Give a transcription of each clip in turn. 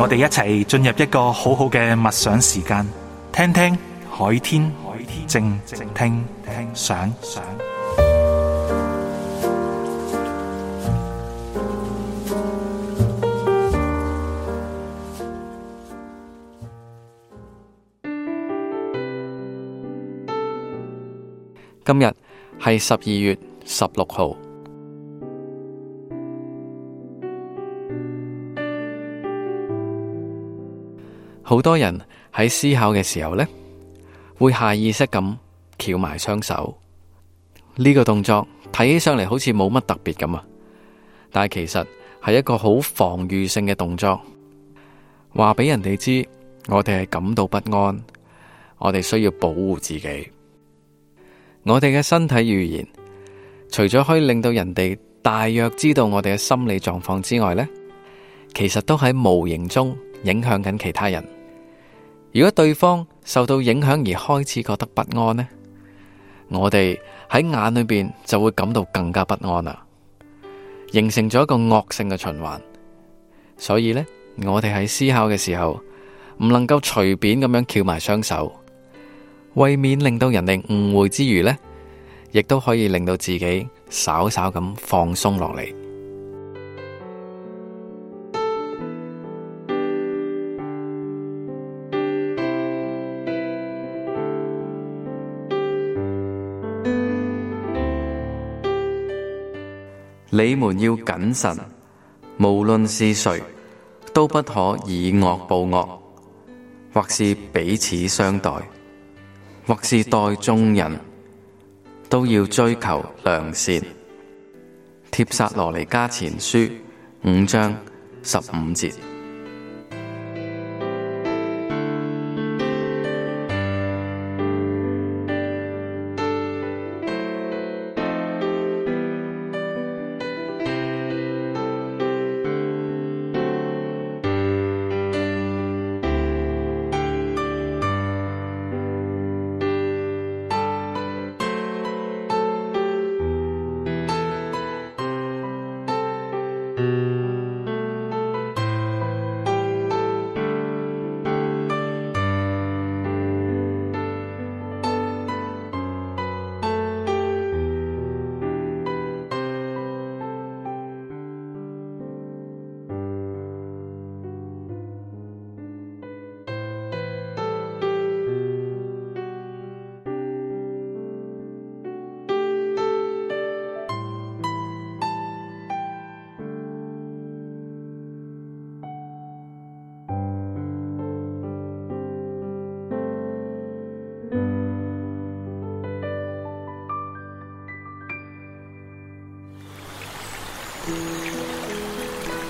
我哋一齊進入一個好好嘅默想時間，聽聽海天靜靜聽想。今日係十二月十六號。好多人喺思考嘅時候呢，會下意識咁翹埋雙手。呢個動作睇起上嚟好似冇乜特別咁啊，但係其實係一個好防禦性嘅動作。話俾人哋知，我哋係感到不安，我哋需要保護自己。我哋嘅身體語言，除咗可以令到人哋大約知道我哋嘅心理狀況之外呢，其實都喺無形中影響緊其他人。如果對方受到影響而開始覺得不安呢，我哋喺眼裏邊就會感到更加不安啦，形成咗一個惡性嘅循環。所以呢，我哋喺思考嘅時候唔能夠隨便咁樣翹埋雙手，為免令到人哋誤會之餘呢，亦都可以令到自己稍稍咁放鬆落嚟。你們要謹慎，無論是誰，都不可以惡報惡，或是彼此相待，或是待眾人，都要追求良善。《帖撒羅尼迦前書》五章十五節。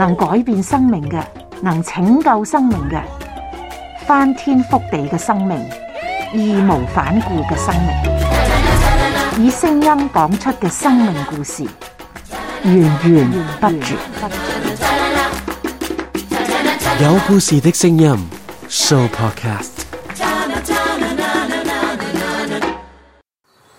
能改變生命嘅，能拯救生命嘅，翻天覆地嘅生命，義無反顧嘅生命，以聲音講出嘅生命故事，源源不絕。有故事的聲音，Sooo Podcast。